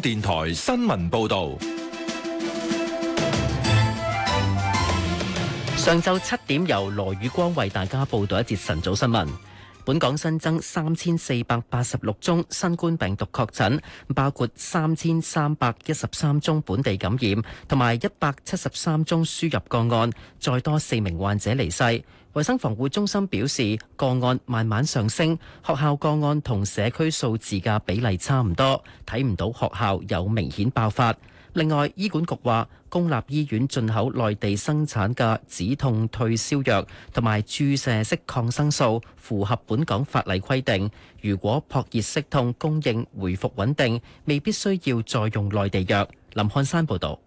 電台新聞報道：上晝七點，由羅宇光為大家報道一節晨早新聞。本港新增三千四百八十六宗新冠病毒確診，包括三千三百一十三宗本地感染，同埋一百七十三宗輸入個案，再多四名患者離世。衛生防護中心表示，個案慢慢上升，學校個案同社區數字嘅比例差唔多，睇唔到學校有明顯爆發。另外，醫管局話，公立醫院進口內地生產嘅止痛退燒藥同埋注射式抗生素符合本港法例規定。如果撲熱息痛供應回復穩定，未必需要再用內地藥。林漢山報道。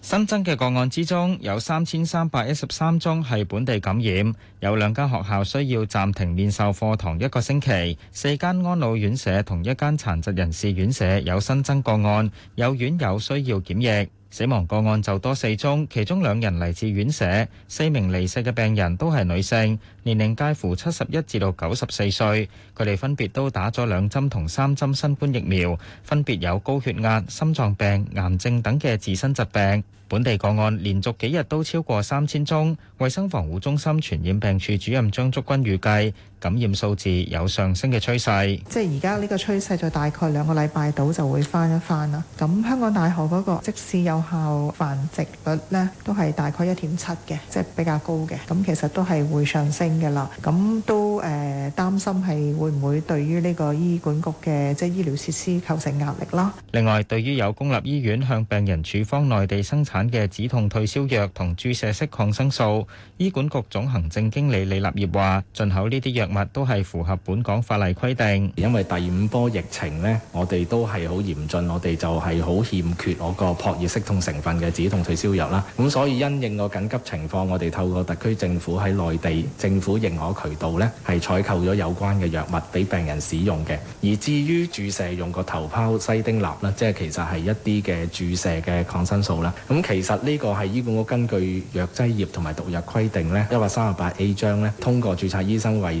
新增嘅個案之中，有三千三百一十三宗係本地感染，有兩間學校需要暫停面授課堂一個星期，四間安老院舍同一間殘疾人士院舍有新增個案，有院友需要檢疫。死亡個案就多四宗，其中兩人嚟自院舍，四名離世嘅病人都係女性，年齡介乎七十一至到九十四歲。佢哋分別都打咗兩針同三針新冠疫苗，分別有高血壓、心臟病、癌症等嘅自身疾病。本地個案連續幾日都超過三千宗，衞生防護中心傳染病處主任張竹君預計。感染數字有上升嘅趨勢，即係而家呢個趨勢就大概兩個禮拜到就會翻一番啦。咁香港大學嗰個即時有效繁殖率咧，都係大概一點七嘅，即係比較高嘅。咁其實都係會上升嘅啦。咁都誒擔心係會唔會對於呢個醫管局嘅即係醫療設施構成壓力啦。另外，對於有公立醫院向病人處方內地生產嘅止痛退燒藥同注射式抗生素，醫管局總行政經理李立、立業話進口呢啲藥物都係符合本港法例規定，因為第五波疫情呢，我哋都係好嚴峻，我哋就係好欠缺我個撲熱息痛成分嘅止痛退燒藥啦。咁所以因應個緊急情況，我哋透過特區政府喺內地政府認可渠道呢，係採購咗有關嘅藥物俾病人使用嘅。而至於注射用個頭孢西丁鈉咧，即係其實係一啲嘅注射嘅抗生素啦。咁其實呢個係醫管局根據藥劑業同埋毒藥規定呢，一百三十八 A 章呢，通過註冊醫生為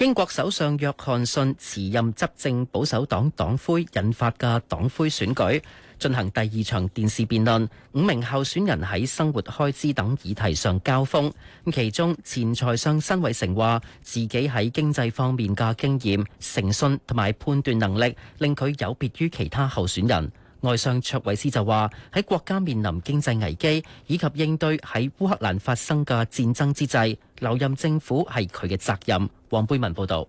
英國首相約翰遜辭任執政保守黨黨魁，引發嘅黨魁選舉進行第二場電視辯論。五名候選人喺生活開支等議題上交鋒。其中，前財相辛偉誠話自己喺經濟方面嘅經驗、誠信同埋判斷能力，令佢有別於其他候選人。外相卓偉斯就話：喺國家面臨經濟危機以及應對喺烏克蘭發生嘅戰爭之際，留任政府係佢嘅責任。黃貝文報導。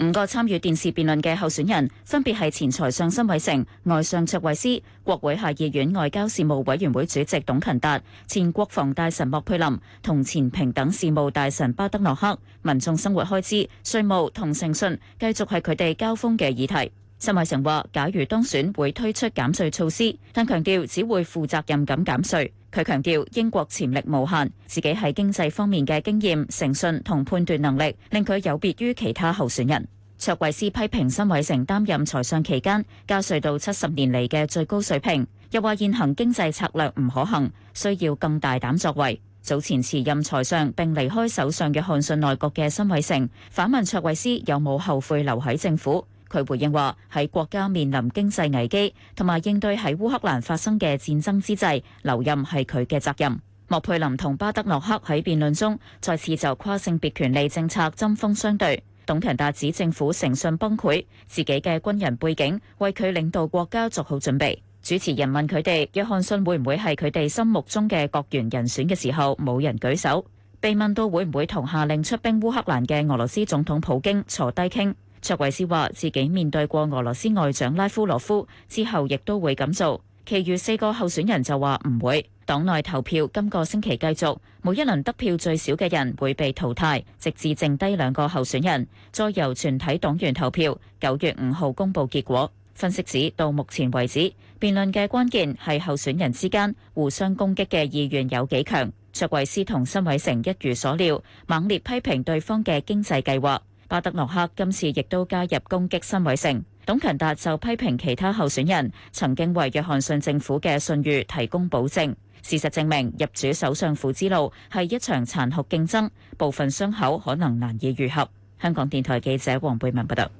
五個參與電視辯論嘅候選人分別係前財相辛偉誠、外相卓偉斯、國會下議院外交事務委員會主席董勤達、前國防大臣莫佩林同前平等事務大臣巴德諾克。民眾生活開支、稅務同誠信繼續係佢哋交鋒嘅議題。辛偉誠話：假如當選會推出減稅措施，但強調只會負責任噉減稅。佢強調英國潛力無限，自己喺經濟方面嘅經驗、誠信同判斷能力令佢有別於其他候選人。卓慧思批評辛偉誠擔任財相期間加稅到七十年嚟嘅最高水平，又話現行經濟策略唔可行，需要更大膽作為。早前辭任財相並離開首相嘅翰信內閣嘅辛偉誠，反問卓慧思有冇後悔留喺政府。佢回應話：喺國家面臨經濟危機同埋應對喺烏克蘭發生嘅戰爭之際，留任係佢嘅責任。莫佩林同巴德諾克喺辯論中再次就跨性別權利政策針鋒相對。董強達指政府誠信崩潰，自己嘅軍人背景為佢領導國家做好準備。主持人問佢哋約翰遜會唔會係佢哋心目中嘅閣員人選嘅時候，冇人舉手。被問到會唔會同下令出兵烏克蘭嘅俄羅斯總統普京坐低傾。卓偉斯話自己面對過俄羅斯外長拉夫羅夫，之後亦都會咁做。其餘四個候選人就話唔會。黨內投票今個星期繼續，每一輪得票最少嘅人會被淘汰，直至剩低兩個候選人，再由全體黨員投票。九月五號公佈結果。分析指到目前為止，辯論嘅關鍵係候選人之間互相攻擊嘅意願有幾強。卓偉斯同辛偉成一如所料，猛烈批評對方嘅經濟計劃。巴德洛克今次亦都加入攻擊辛偉誠，董勤達就批評其他候選人曾經為約翰遜政府嘅信譽提供保證，事實證明，入主首相府之路係一場殘酷競爭，部分傷口可能難以愈合。香港電台記者黃貝文報道。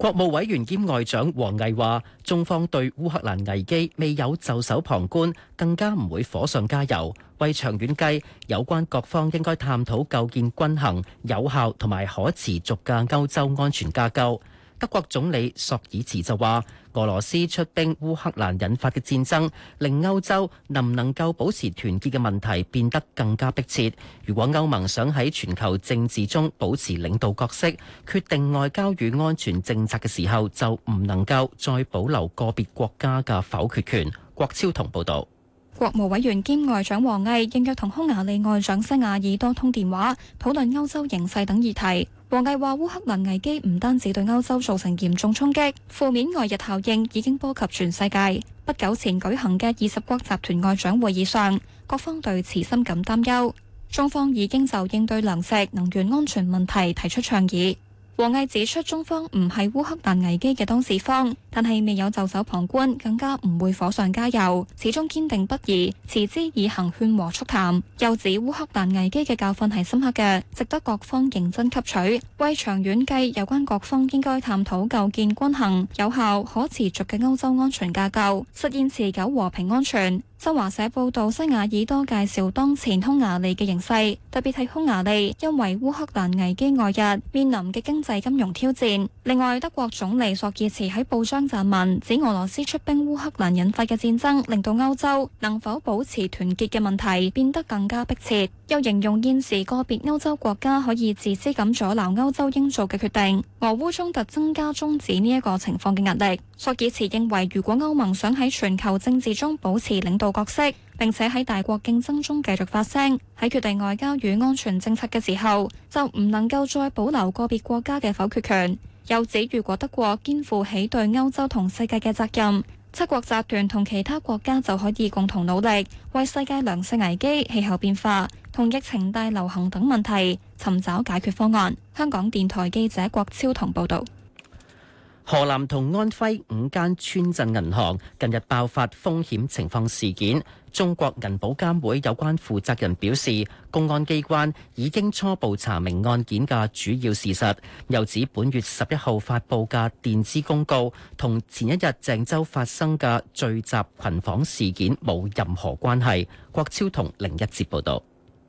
國務委員兼外長王毅話：中方對烏克蘭危機未有袖手旁觀，更加唔會火上加油。為長遠計，有關各方應該探討構建均衡、有效同埋可持續嘅歐洲安全架構。德國總理索爾茨就話：俄羅斯出兵烏克蘭引發嘅戰爭，令歐洲能唔能夠保持團結嘅問題變得更加迫切。如果歐盟想喺全球政治中保持領導角色，決定外交與安全政策嘅時候，就唔能夠再保留個別國家嘅否決權。郭超同報道。國務委員兼外長王毅應約同匈牙利外長西雅爾多通電話，討論歐洲形勢等議題。王毅話：烏克蘭危機唔單止對歐洲造成嚴重衝擊，負面外溢效應已經波及全世界。不久前舉行嘅二十國集團外長會議上，各方對此深感擔憂。中方已經就應對糧食、能源安全問題提出倡議。王毅指出，中方唔係烏克蘭危機嘅當事方，但係未有袖手旁觀，更加唔會火上加油，始終堅定不移，持之以恆勸和促談，又指烏克蘭危機嘅教訓係深刻嘅，值得各方認真吸取。為長遠計，有關各方應該探討構建均衡、有效、可持續嘅歐洲安全架構，實現持久和平安全。新華社報道，西雅爾多介紹當前匈牙利嘅形勢，特別係匈牙利因為烏克蘭危機外日面臨嘅經濟金融挑戰。另外，德國總理朔爾茨喺報章撰文，指俄羅斯出兵烏克蘭引發嘅戰爭，令到歐洲能否保持團結嘅問題變得更加迫切。又形容現時個別歐洲國家可以自私咁阻撓歐洲應做嘅決定，俄烏衝突增加中止呢一個情況嘅壓力。朔爾茨認為，如果歐盟想喺全球政治中保持領導，角色，並且喺大國競爭中繼續發聲，喺決定外交與安全政策嘅時候就唔能夠再保留個別國家嘅否決權。又指，如果德國肩負起對歐洲同世界嘅責任，七國集團同其他國家就可以共同努力，為世界糧食危機、氣候變化同疫情大流行等問題尋找解決方案。香港電台記者郭超彤報道。河南同安徽五間村鎮銀行近日爆發風險情況事件，中國銀保監會有關負責人表示，公安機關已經初步查明案件嘅主要事實，又指本月十一號發布嘅墊資公告同前一日鄭州發生嘅聚集群訪事件冇任何關係。郭超同凌一捷報道。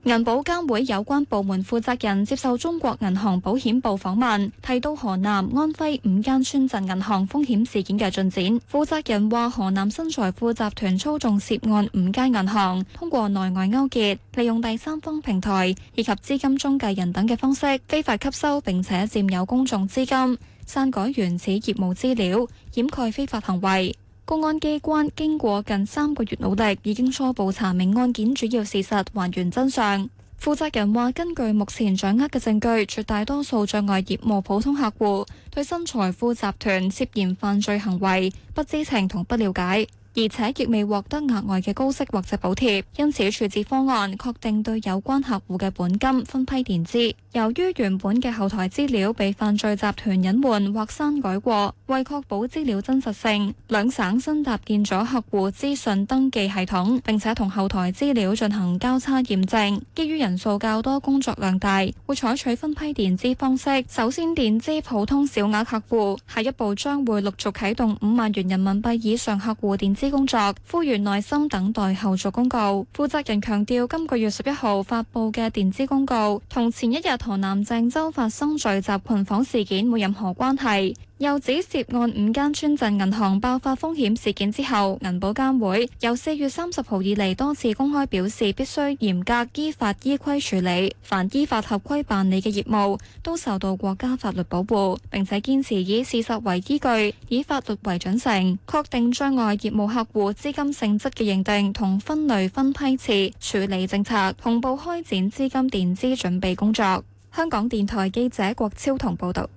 銀保監會有關部門負責人接受中國銀行保險報訪問，提到河南、安徽五間村鎮銀行風險事件嘅進展。負責人話：河南新財富集團操縱涉案五間銀行，通過內外勾結、利用第三方平台以及資金中介人等嘅方式，非法吸收並且佔有公眾資金，刪改原始業務資料，掩蓋非法行為。公安機關經過近三個月努力，已經初步查明案件主要事實，還原真相。負責人話，根據目前掌握嘅證據，絕大多數障礙業務和普通客戶對新財富集團涉嫌犯罪行為不知情同不了解。而且亦未獲得額外嘅高息或者補貼，因此處置方案確定對有關客戶嘅本金分批墊資。由於原本嘅後台資料被犯罪集團隱瞞或刪改過，為確保資料真實性，兩省新搭建咗客戶資訊登記系統，並且同後台資料進行交叉驗證。基於人數較多、工作量大，會採取分批墊資方式。首先墊資普通小額客戶，下一步將會陸續啟動五萬元人民幣以上客戶墊資。資工作，呼籲耐心等待後續公告。負責人強調，今個月十一號發佈嘅電資公告，同前一日河南鄭州發生聚集群訪事件冇任何關係。又指涉案五間村鎮銀行爆發風險事件之後，銀保監會由四月三十號以嚟，多次公開表示，必須嚴格依法依規處理，凡依法合規辦理嘅業務都受到國家法律保護，並且堅持以事實為依據，以法律為準繩，確定在外業務客戶資金性質嘅認定同分類分批次處理政策，同步開展資金墊資準備工作。香港電台記者郭超彤報道。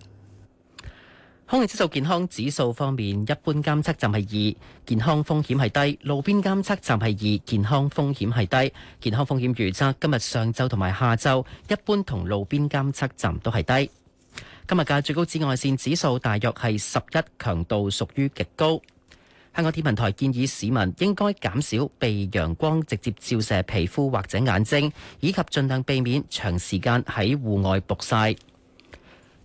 空氣質素健康指數方面，一般監測站係二，健康風險係低；路邊監測站係二，健康風險係低。健康風險預測今日上晝同埋下晝，一般同路邊監測站都係低。今日嘅最高紫外線指數大約係十一，強度屬於極高。香港天文台建議市民應該減少被陽光直接照射皮膚或者眼睛，以及盡量避免長時間喺戶外曝曬。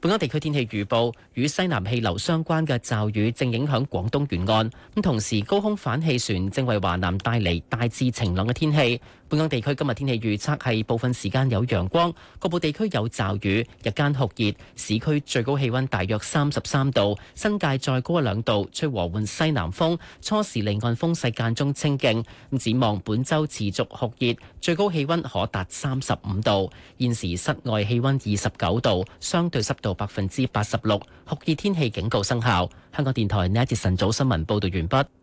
本港地區天氣預報，與西南氣流相關嘅驟雨正影響廣東沿岸，咁同時高空反氣旋正為華南帶嚟大致晴朗嘅天氣。本港地區今日天氣預測係部分時間有陽光，局部地區有驟雨，日間酷熱，市區最高氣溫大約三十三度，新界再高一兩度，吹和緩西南風，初時離岸風勢間中清勁，展望本周持續酷熱，最高氣溫可達三十五度。現時室外氣溫二十九度，相對濕度百分之八十六，酷熱天氣警告生效。香港電台呢一節晨早新聞報道完畢。